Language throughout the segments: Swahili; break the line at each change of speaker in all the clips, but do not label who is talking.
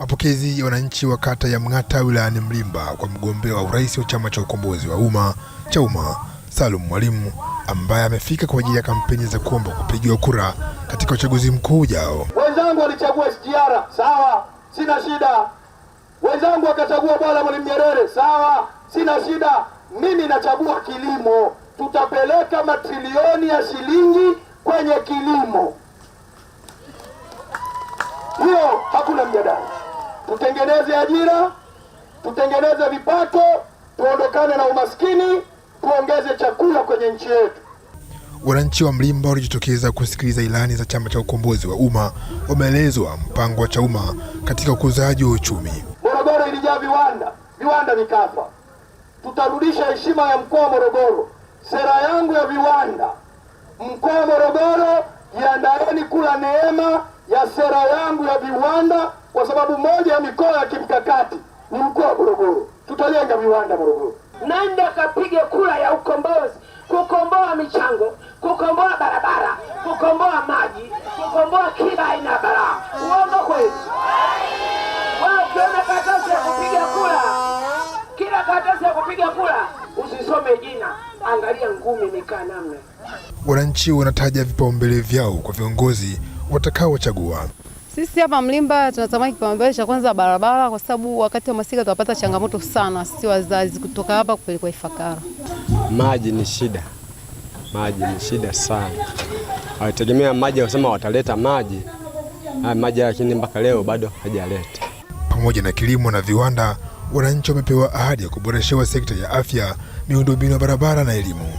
Mapokezi ya wananchi wa kata ya Mng'ata wilayani Mlimba kwa mgombea wa urais wa chama cha ukombozi wa umma cha umma Salum Mwalimu ambaye amefika kwa ajili ya kampeni za kuomba kupigiwa kura katika uchaguzi mkuu ujao.
Wenzangu walichagua SGR, sawa, sina shida. Wenzangu wakachagua Bwana Mwalimu Nyerere, sawa, sina shida. Mimi nachagua kilimo, tutapeleka matrilioni ya shilingi kwenye kilimo, hiyo hakuna mjadala tutengeneze ajira, tutengeneze vipato, tuondokane na umaskini, tuongeze chakula kwenye nchi yetu.
Wananchi wa Mlimba walijitokeza kusikiliza ilani za Chama cha Ukombozi wa Umma. Wameelezwa mpango wa CHAUMMA katika ukuzaji wa uchumi.
Morogoro ilijaa viwanda, viwanda vikafa. Tutarudisha heshima ya mkoa wa Morogoro. Sera yangu ya viwanda, mkoa wa Morogoro, jiandaeni kula neema ya sera yangu ya viwanda kwa sababu moja ya mikoa ya kimkakati ni mkoa wa Morogoro. Tutajenga viwanda Morogoro. Nenda akapige kura ya ukombozi, kukomboa michango, kukomboa barabara, kukomboa maji, kukomboa kila aina ya barabara. Uongo kweli? Wewe ukiona karatasi ya kupiga kura, kila karatasi ya kupiga kura usisome jina, angalia ngumi imekaa namna.
Wananchi wanataja vipaumbele vyao kwa viongozi watakaowachagua.
Sisi hapa Mlimba tunatamani kipaumbele cha kwanza barabara, kwa sababu wakati wa masika tunapata changamoto sana sisi wazazi kutoka hapa kupelekwa Ifakara.
Maji ni shida, maji ni shida sana. Walitegemea maji, wasema wataleta maji haya maji, lakini mpaka leo bado hajaleta.
Pamoja na kilimo na viwanda, wananchi wamepewa ahadi ya kuboreshewa sekta ya afya, miundombinu ya barabara na elimu.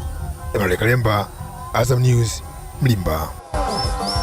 Emmanuel Kalemba, Azam News, Mlimba.